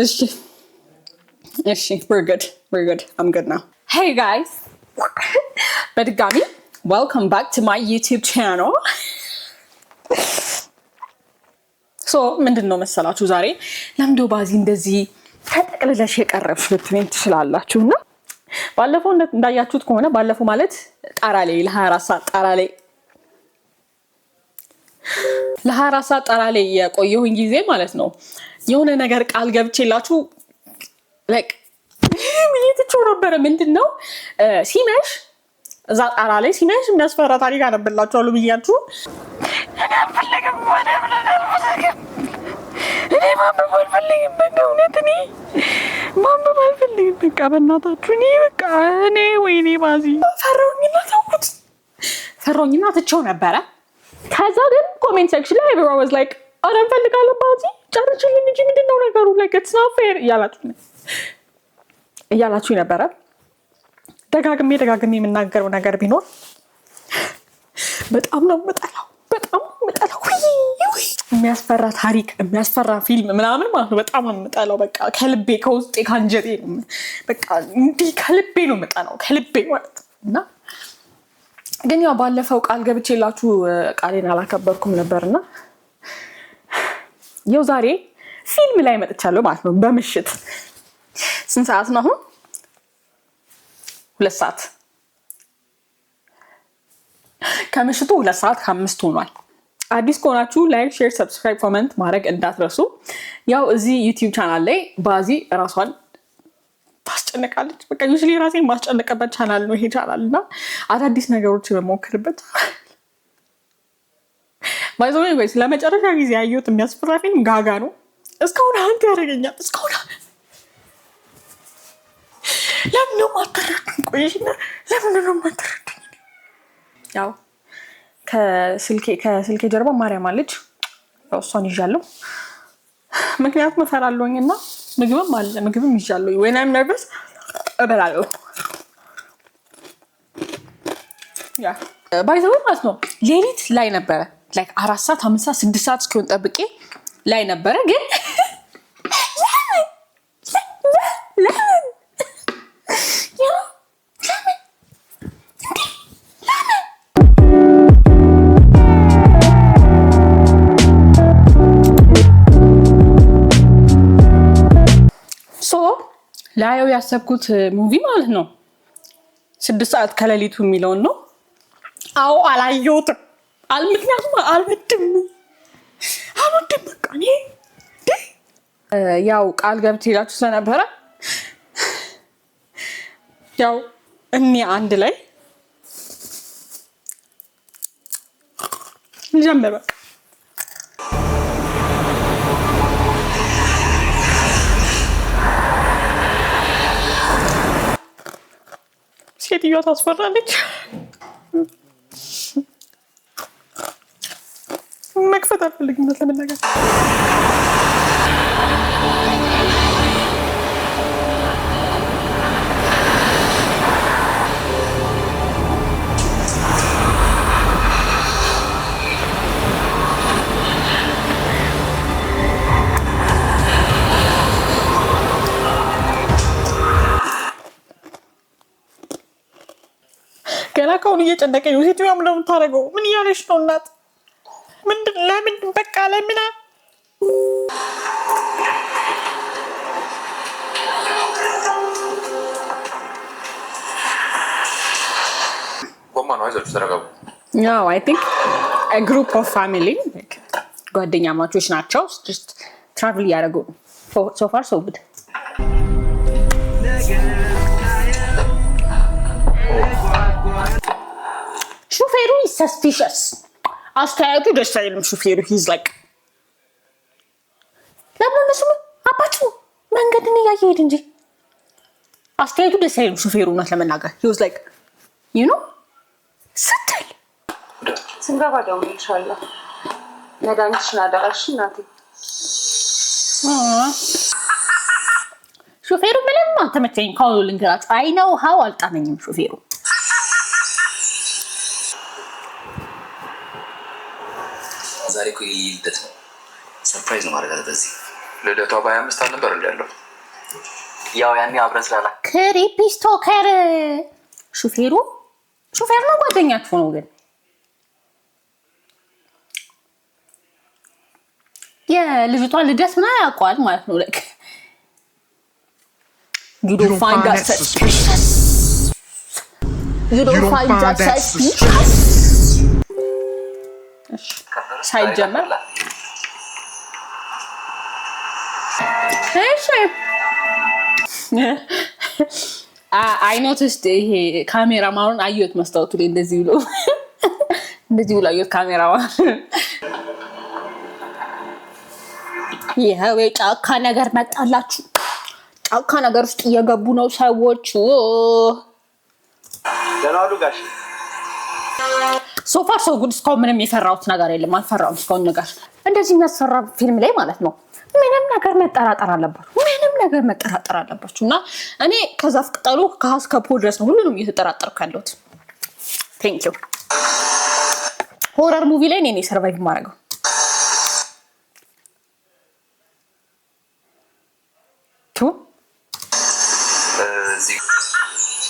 እሺ እሺ we're good we're good I'm good now hey guys በድጋሚ welcome back to my YouTube channel ሶ ምንድን ነው መሰላችሁ ዛሬ ለምዶ ባዚ እንደዚህ ተጠቅልለሽ የቀረብሽ ልትሉኝ ትችላላችሁ እና ባለፈው እንዳያችሁት ከሆነ ባለፈው ማለት ጣራ ላይ ለ24 ሰዓት ጣራ ላይ ለ24 ሰዓት ጣራ ላይ የቆየሁኝ ጊዜ ማለት ነው የሆነ ነገር ቃል ገብቼላችሁ ትቼው ነበረ። ምንድን ነው ሲመሽ እዛ ጣራ ላይ ሲመሽ የሚያስፈራ ታሪክ አነብላችኋለሁ ብያችሁ አልፈለግም ሆነ ብለን አልፈለግም። እኔ ማንበብ አልፈልግም። እውነት እኔ ማንበብ አልፈልግም። በቃ በእናታችሁ እኔ በቃ እኔ ወይኔ ባዚ ፈራሁኝና ተውኩት። ፈራሁኝና ትቼው ነበረ። ከዛ ግን ኮሜንት ሴክሽን ላይ ኤቭሪዋን ዋዝ ላይክ አረ እንፈልጋለን ባዚ ጫነችልን እንጂ ምንድን ነው ነገሩ ለገት ናፌር እያላችሁ ነበረ። ደጋግሜ ደጋግሜ የምናገረው ነገር ቢኖር በጣም ነው የምጠላው፣ በጣም የምጠላው የሚያስፈራ ታሪክ የሚያስፈራ ፊልም ምናምን ማለት ነው። በጣም ነው የምጠላው። በቃ ከልቤ ከውስጤ ከአንጀቴ በቃ እንዲህ ከልቤ ነው የምጠላው፣ ከልቤ ማለት ነው እና ግን ያው ባለፈው ቃል ገብቼላችሁ ቃሌን አላከበርኩም ነበርና የው ዛሬ ፊልም ላይ መጥቻለሁ ማለት ነው። በምሽት ስንት ሰዓት ነው አሁን? ሁለት ሰዓት ከምሽቱ ሁለት ሰዓት ከአምስት ሆኗል። አዲስ ከሆናችሁ ላይክ፣ ሼር፣ ሰብስክራይብ፣ ኮመንት ማድረግ እንዳትረሱ። ያው እዚህ ዩቲዩብ ቻናል ላይ ባዚ ራሷን ታስጨነቃለች። በቃ ዩዝሊ ራሴ ማስጨነቀበት ቻናል ነው ይሄ ቻናል እና አዳዲስ ነገሮች በመሞክርበት ባይዞ ወይስ ለመጨረሻ ጊዜ ያየሁት የሚያስፈራ ፊልም ጋጋ ነው። እስካሁን አንተ ያደረገኛል። እስካሁን ለምን ነው የማትረዱኝ? ለምን ነው የማትረዱኝ? ያው ከስልኬ ጀርባ ማርያም አለች። እሷን ይዣለሁ፣ ምክንያቱም እፈራለሁኝ እና ምግብም አለ፣ ምግብም ይዣለሁ። ወይ ናይም ነርቨስ እበላለሁ። ባይዘው ማለት ነው ሌሊት ላይ ነበረ አራት ሰዓት አምስት ሰዓት ስድስት ሰዓት እስኪሆን ጠብቄ ላይ ነበረ ግን ላየው ያሰብኩት ሙቪ ማለት ነው ስድስት ሰዓት ከሌሊቱ የሚለውን ነው። አዎ አላየሁትም። ምክንያቱም አልወድም አልወድም በቃ እኔ ያው ቃል ገብት ይላችሁ ስለነበረ ያው እኔ አንድ ላይ እንጀምር በቃ ሴትዮዋ ታስፈራለች። መክፈት አልፈልግም ለመናገር ገና ከአሁኑ እየጨነቀኝ ነው። ሴትዮዋ የምታደርገው? ምን እያለች ነው እናት? ምንድን ለምን በቃ ለምና ግሩፕ ኦፍ ፋሚሊ ጓደኛ ማቾች ናቸው። ትራቭል እያደረጉ ፋር ሶ ጉድ ሹፌሩ ሰስፒሸስ አስተያየቱ ደስ አይልም። ሹፌሩ ሂዝ ላይክ ለምን እነሱ አባችሁ መንገድን እያየ ሄድ እንጂ አስተያየቱ ደስ አይልም። ሹፌሩ እውነት ለመናገር ሂዝ ላይክ ዩ ኖ ስትል ስንገባ ደውልልሻለሁ። መድኃኒትሽን አደራሽ እናቴ። ሹፌሩ ምንም አልተመቸኝም። ካሁኑ ልንገራችሁ፣ አይ ነው ሀው አልጣመኝም ሹፌሩ ያልኩህ ይህ ልደት ነው። ሰርፕራይዝ ነው ማድረጋት። በዚህ ልደቷ በሀያ አምስት አልነበር እንዳለው ያው ያኔ አብረን ስላላ ክሪፒስቶከር ሹፌሩ ሹፌር ነው ጓደኛችሁ ነው ግን የልጅቷ ልደት ምና ያውቀዋል ማለት ነው። ለክ ዩዶፋንዳ ሰስፒሽስ ዩዶፋንዳ ሰስፒሽስ ሳይጀመር አይኖት ውስጥ ይሄ ካሜራ ማሩን አየሁት። መስታወቱ ላይ እንደዚህ ብሎ እንደዚህ ብሎ አየሁት። ካሜራ ማሩ ይኸው የጫካ ነገር መጣላችሁ። ጫካ ነገር ውስጥ እየገቡ ነው ሰዎች። ሶፋር ሰው ጉድ እስካሁን ምንም የፈራሁት ነገር የለም። አልፈራሁም እስካሁን ነገር እንደዚህ የሚያስፈራ ፊልም ላይ ማለት ነው። ምንም ነገር መጠራጠር አለባችሁ፣ ምንም ነገር መጠራጠር አለባችሁ። እና እኔ ከዛፍ ቅጠሉ ከሀስ ከፖ ድረስ ነው ሁሉንም እየተጠራጠርኩ ያለሁት። ቴንክ ዩ ሆረር ሙቪ ላይ እኔ ሰርቫይቭ ማድረገው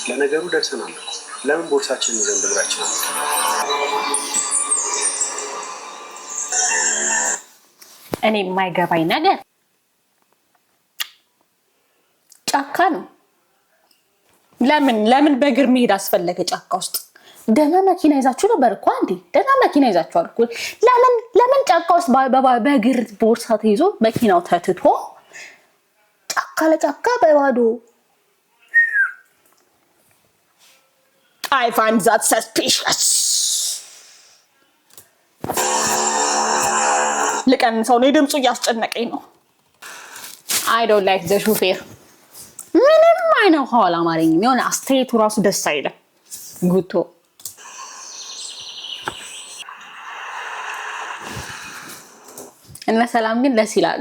ለነገሩ ደርሰናል። ለምን ቦርሳችን ይዘን ብግራችን እኔ የማይገባኝ ነገር ጫካ ነው። ለምን ለምን በእግር መሄድ አስፈለገ ጫካ ውስጥ? ደህና መኪና ይዛችሁ ነበር እኮ እንዴ? ደህና መኪና ይዛችሁ አልኩ። ለምን ለምን ጫካ ውስጥ በእግር ቦርሳ ተይዞ መኪናው ተትቶ ጫካ ለጫካ በባዶ አይ ፋይንድ ዛት ሰስፒሽስ ልቀንሰው ነው። ድምፁ እያስጨነቀኝ ነው። አይ ዶንት ላይክ ዘ ሹፌር ምንም አይነው ኋላ አማርኝም። የሆነ አስተያየቱ ራሱ ደስ አይለም። ጉቶ እነ ሰላም ግን ደስ ይላሉ።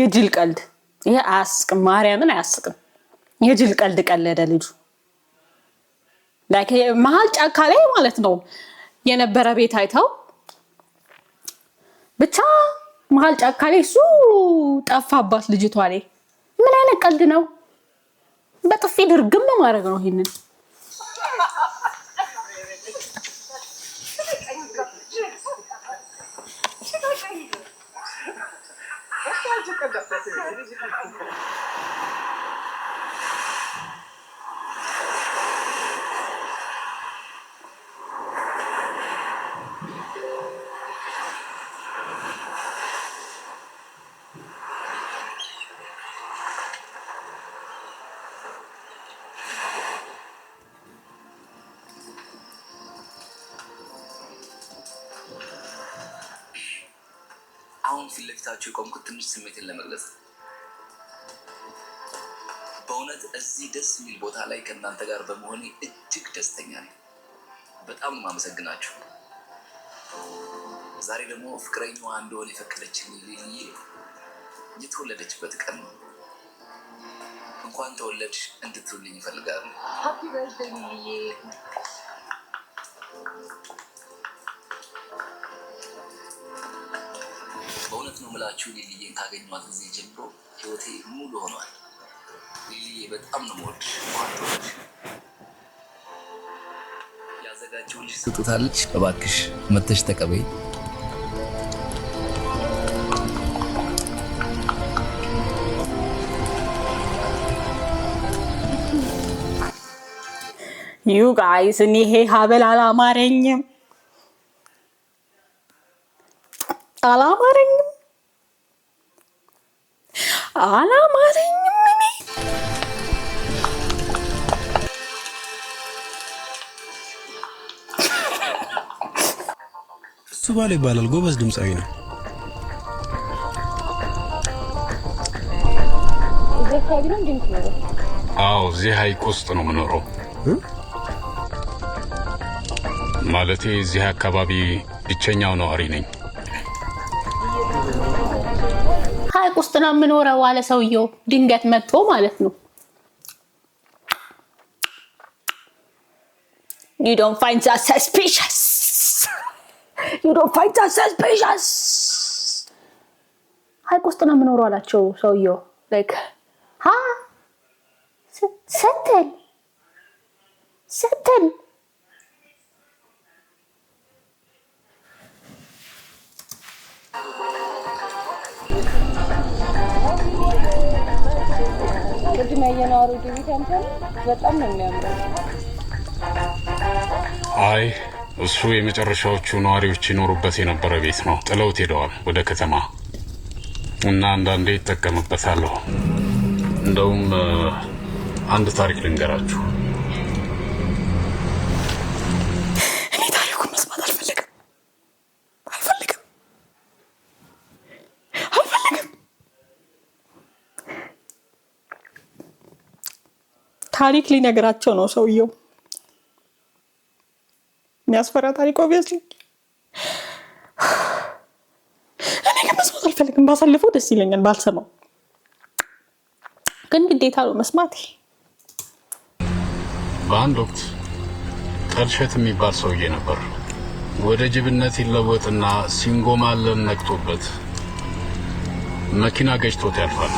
የጅል ቀልድ ይሄ አያስቅም፣ ማርያምን አያስቅም። የጅል ቀልድ ቀለደ ልጁ መሀል ጫካ ላይ ማለት ነው የነበረ ቤት አይተው ብቻ መሀል ጫካ ላይ እሱ ጠፋባት ልጅቷ ላይ ምን አይነት ቀልድ ነው? በጥፊ ድርግም ማድረግ ነው ይሄንን 干啥子？你自己看。ደስታችሁ የቆምኩት ትንሽ ስሜትን ለመግለጽ በእውነት እዚህ ደስ የሚል ቦታ ላይ ከእናንተ ጋር በመሆኔ እጅግ ደስተኛ ነኝ። በጣም አመሰግናችሁ። ዛሬ ደግሞ ፍቅረኛዋ እንደሆነ የፈቀደችን የተወለደችበት ቀን ነው። እንኳን ተወለድሽ እንድትሉልኝ ይፈልጋሉ። ነው ምላችሁ ልልዬን ካገኘኋት ጊዜ ጀምሮ ህይወቴ ሙሉ ሆኗል። ልልዬ በጣም ነው የምወድሽ። ያዘጋጀሁልሽ ስጡታለች። እባክሽ መተሽ ተቀበይ። ዩ ጋይስ እኔ ይሄ ሀብል አላማረኝም። አላማረኝም። እኔ እሱ ባለ ይባላል። ጎበዝ ድምፃዊ ነው። አዎ እዚህ ሐይቅ ውስጥ ነው የምኖረው። ማለቴ እዚህ አካባቢ ብቸኛው ነዋሪ ነኝ። ነው የምኖረው አለ ሰውየው ድንገት መጥቶ ማለት ነው። ዩ ዶንት ፋይንድ ዛት ሰስፒሸስ ዩ ዶንት ፋይንድ ዛት ሰስፒሸስ ሀይቅ ውስጥ ነው የምኖረው አላቸው ሰውየው ላይክ ሀ ስትል ስትል ቅድም ያየነው አሮጌ ቤት ያንተ በጣም ነው የሚያምረው። አይ እሱ የመጨረሻዎቹ ነዋሪዎች ይኖሩበት የነበረ ቤት ነው። ጥለውት ሄደዋል ወደ ከተማ እና አንዳንዴ ይጠቀምበታለሁ። እንደውም አንድ ታሪክ ልንገራችሁ። ታሪክ ሊነግራቸው ነው ሰውየው። የሚያስፈራ ታሪክ ኦብቪየስሊ። እኔ ግን መስማት አልፈልግም። ባሳልፈው ደስ ይለኛል ባልሰማው፣ ግን ግዴታ ነው መስማት። በአንድ ወቅት ጠልሸት የሚባል ሰውዬ ነበር። ወደ ጅብነት ይለወጥና ሲንጎማለን ነቅቶበት መኪና ገጭቶት ያልፋል።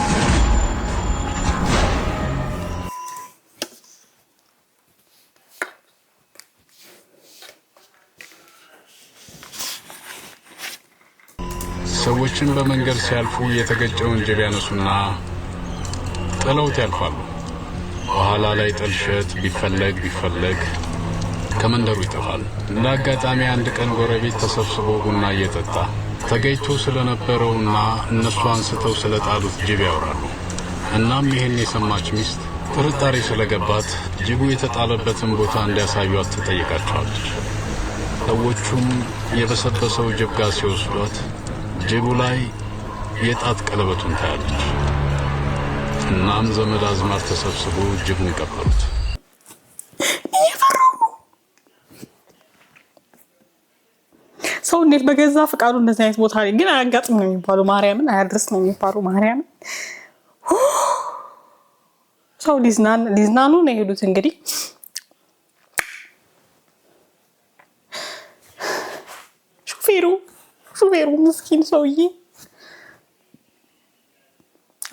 ሰዎችን በመንገድ ሲያልፉ የተገጨውን ጅብ ያነሱና ጥለውት ያልፋሉ። በኋላ ላይ ጥልሸት ቢፈለግ ቢፈለግ ከመንደሩ ይጠፋል። እንደ አጋጣሚ አንድ ቀን ጎረቤት ተሰብስቦ ቡና እየጠጣ ተገኝቶ ስለነበረውና እነሱ አንስተው ስለጣሉት ጅብ ያወራሉ። እናም ይህን የሰማች ሚስት ጥርጣሬ ስለገባት ጅቡ የተጣለበትን ቦታ እንዲያሳዩት ትጠይቃቸዋለች። ሰዎቹም የበሰበሰው ጅብ ጋር ሲወስዷት ጅቡ ላይ የጣት ቀለበቱን ታያለች። እናም ዘመድ አዝማር ተሰብስቦ ጅቡን ይቀበሉት። ሰው እንዴት በገዛ ፈቃዱ እንደዚህ አይነት ቦታ ላይ ግን አያጋጥም ነው የሚባሉ ማርያምን አያድርስ ነው የሚባሉ ማርያምን ሰው ሊዝናኑ ነው የሄዱት እንግዲህ ምስኪን ሰውዬ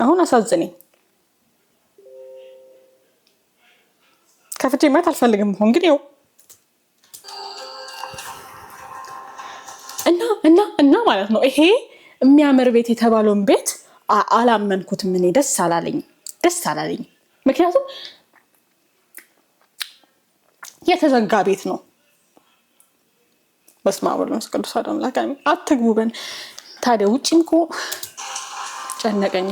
አሁን አሳዝነኝ። ከፍቼ ማየት አልፈልግም። ሆን ግን ው እና እና እና ማለት ነው ይሄ የሚያምር ቤት የተባለውን ቤት አላመንኩትም። እኔ ደስ አላለኝ፣ ደስ አላለኝ። ምክንያቱም የተዘጋ ቤት ነው። በስመ አብ ወወልድ ወመንፈስ ቅዱስ አሐዱ አምላክ አሜን። አትግቡበን ታዲያ ውጭም እኮ ጨነቀኝ።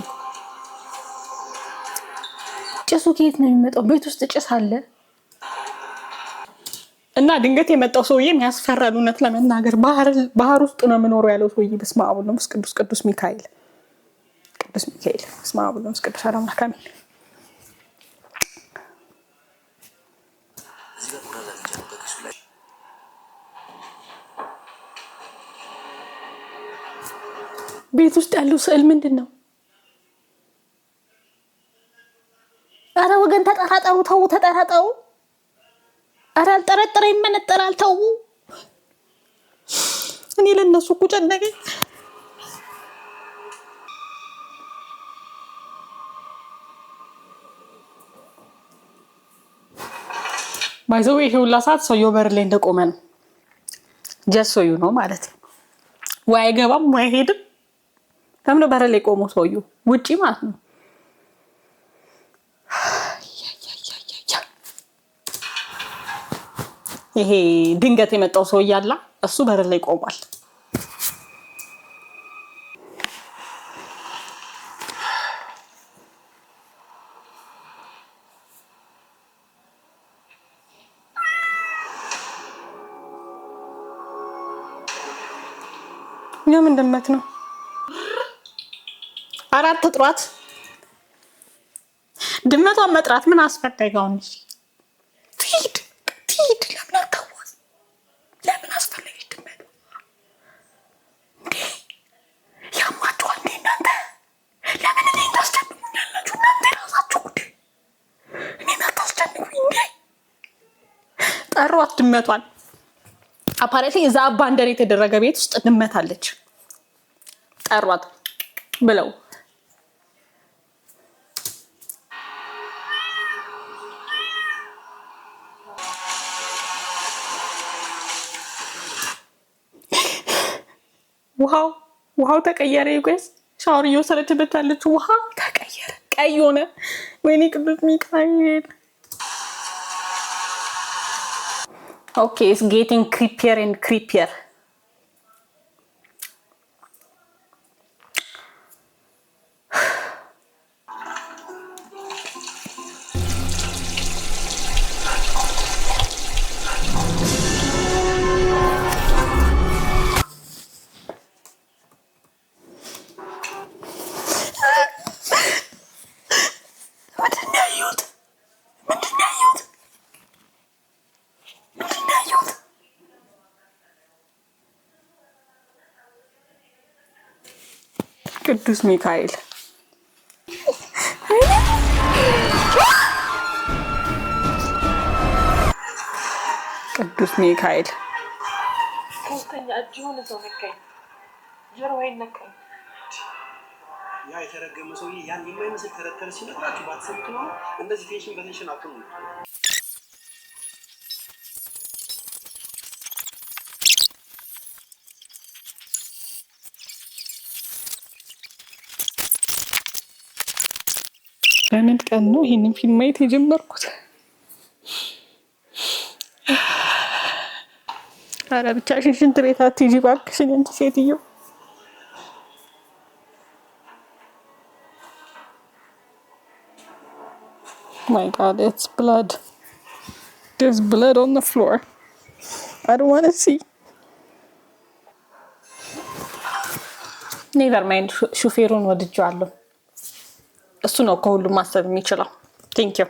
ጭሱ ከየት ነው የሚመጣው? ቤት ውስጥ ጭስ አለ እና ድንገት የመጣው ሰውዬም ያስፈራል። እውነት ለመናገር ባህር ውስጥ ነው የምኖረው ያለው ሰውዬ በስመ አብ ወወልድ ወመንፈስ ቅዱስ ቅዱስ ሚካኤል ቅዱስ ሚካኤል በስመ አብ ወወልድ ወመንፈስ ቅዱስ አሐዱ አምላክ አሜን። ቤት ውስጥ ያለው ስዕል ምንድን ነው? አረ ወገን ተጠራጠሩ፣ ተዉ፣ ተጠራጠሩ። አረ አልጠረጠረ ይመነጠራል። ተዉ። እኔ ለነሱ እኮ ጨነቀኝ። ባይዘው ይሄ ሁላ ሰዓት ሰውየው በር ላይ እንደቆመ ነው። ጀሶዩ ነው ማለት ነው። ወይ አይገባም ወይ አይሄድም። ተምሮ በር ላይ ቆሞ ሰውየው ውጪ ማለት ነው። ይሄ ድንገት የመጣው ሰው እያላ እሱ በር ላይ ቆሟል። አራት ጥሯት። ድመቷን መጥራት ምን አስፈለገው? እንጂ ትሂድ ትሂድ። ለምን አታዋዝ? ለምን አስፈለገች ድመቷ? እንዴ ያማችኋል እንዴ እናንተ? ለምን እኔ ታስደንቁኛላችሁ? እናንተ የራሳችሁ ጉዳይ፣ እኔን አታስደንቁኝ። እንዴ ጠሯት ድመቷን። አፓሬትሊ እዛ አባንደር የተደረገ ቤት ውስጥ ድመት አለች። ጠሯት ብለው ውሃው ተቀየረ። ይጎስ ሻወር እየወሰደችበት ያለች ውሃ ተቀየረ፣ ቀይ ሆነ። ወይኔ ቅዱስ ሚካኤል። ኦኬ ኢትስ ጌቲንግ ክሪፒየር ኤንድ ክሪፒየር ቅዱስ ሚካኤል ቅዱስ ሚካኤል ያ የተረገመ ሰውዬ ያን የማይመስል ተረተር ሲነግራችሁ ባትሰሙት ነው። እንደዚህ ቴንሽን በቴንሽን በምን ቀን ነው ይህንን ፊልም ማየት የጀመርኩት? አረ ብቻሽን ሽንት ቤት አትሂጂ እባክሽን አንቺ ሴትዮ። ማይ ጋድ ኢትስ ብላድ ዲስ ብላድ ኦን ዘ ፍሎር አይ ዶንት ዋንት ሲ ኔቨር ማይንድ ሹፌሩን ወድጀዋለሁ። እሱ ነው ከሁሉም ማሰብ የሚችለው። ቴንክ ዩ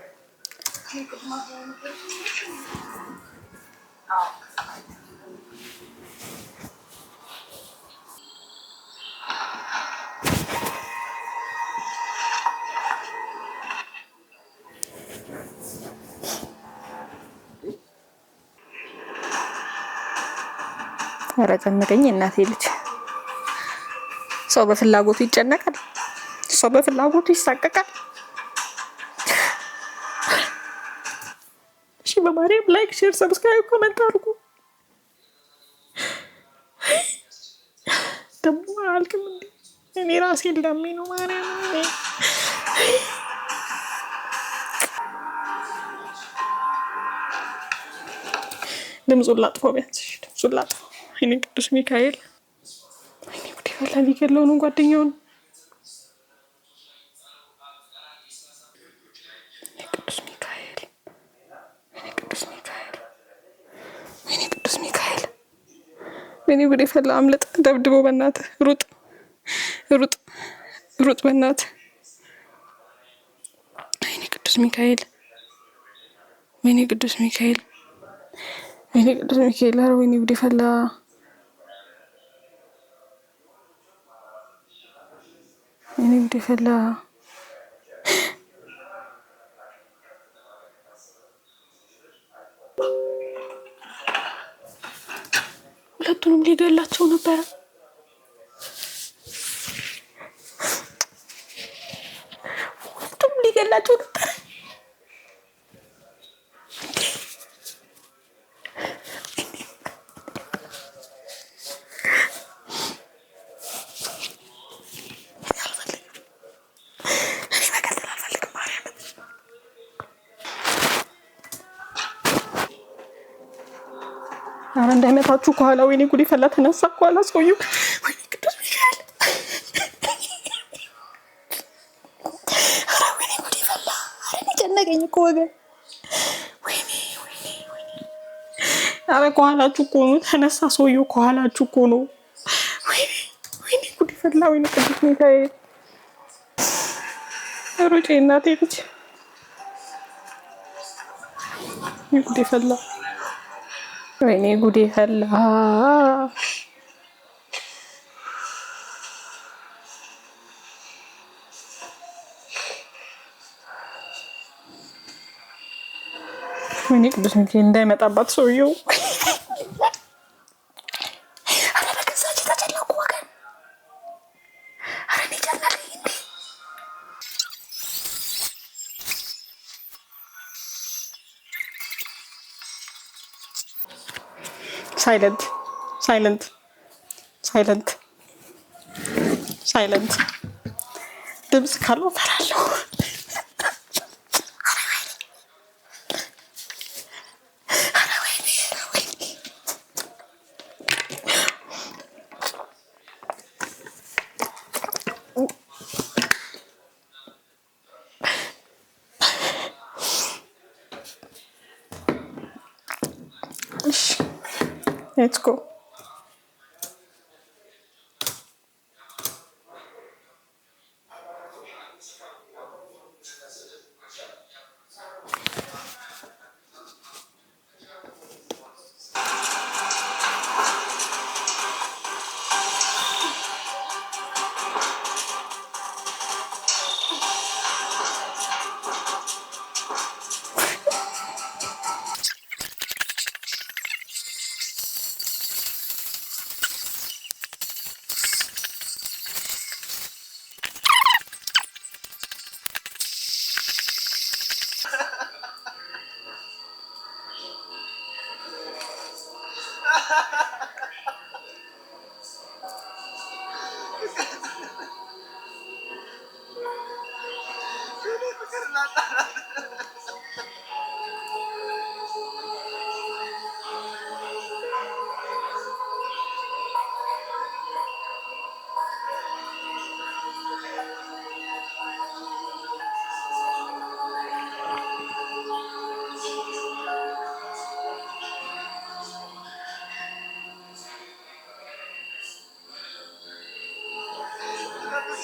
ኧረ እናቴ ልጅ ሰው በፍላጎቱ ይጨነቃል። ሰው በፍላጎቱ ይሳቀቃል። እሺ፣ በማርያም ላይክ፣ ሼር፣ ሰብስክራይብ፣ ኮመንት አድርጉ። ደግሞ አልቅም እንዴ እኔ ራሴ ለሚ ነው ማርያም ድምፁን ላጥፎ ቢያንስ ድምፁን ላጥፎ። እኔ ቅዱስ ሚካኤል ወላ ሊገለው ነው ጓደኛውን ወይኔ ጉዴ ፈላ አምልጥ፣ ደብድቦ፣ በእናት ሩጥ፣ ሩጥ፣ ሩጥ፣ በእናት ወይኔ ቅዱስ ሚካኤል፣ ወይኔ ቅዱስ ሚካኤል፣ ወይኔ ቅዱስ ሚካኤል፣ ኧረ ወይኔ ጉድ ፈላ ወይኔ ጉድ ፈላ። ሁለቱንም ሊገላቸው ነበረ። ሁለቱም ሊገላቸው አረ እንዳይመታችሁ ከኋላ። ወይኔ ጉድ ፈላ። ተነሳ ከኋላ ሰውዬው። ወይኔ ቅዱስ ሚካኤል ጨነቀኝ እኮ ወገን። አረ ከኋላችሁ እኮ ነው። ተነሳ ሰውዬው። ከኋላችሁ እኮ ነው። ወይኔ ጉድ ፈላ። ወይኔ ቅዱስ ሚካኤል ሩጬ እናቴ ልጅ ፈላ። ወይኔ ጉዴ ፈላ። ወይኔ ቅዱስ ሚካኤል እንዳይመጣባት ሰውየው ሳይለንት ሳይለንት ሳይለንት ሳይለንት ድምፅ ካለው ፈራለሁ። Let's go.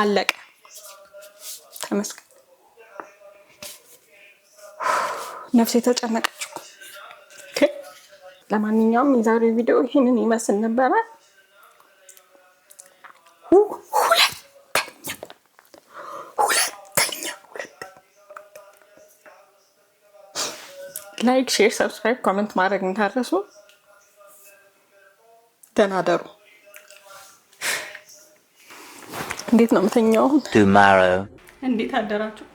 አለቀ። ተመስገን። ነፍሴ ተጨነቀች። ለማንኛውም የዛሬ ቪዲዮ ይህንን ይመስል ነበረ። ላይክ፣ ሼር፣ ሰብስክራይብ፣ ኮመንት ማድረግ እንዳረሱ። ደህና ደሩ። እንዴት ነው የምተኛው? አሁን እንዴት አደራችሁ?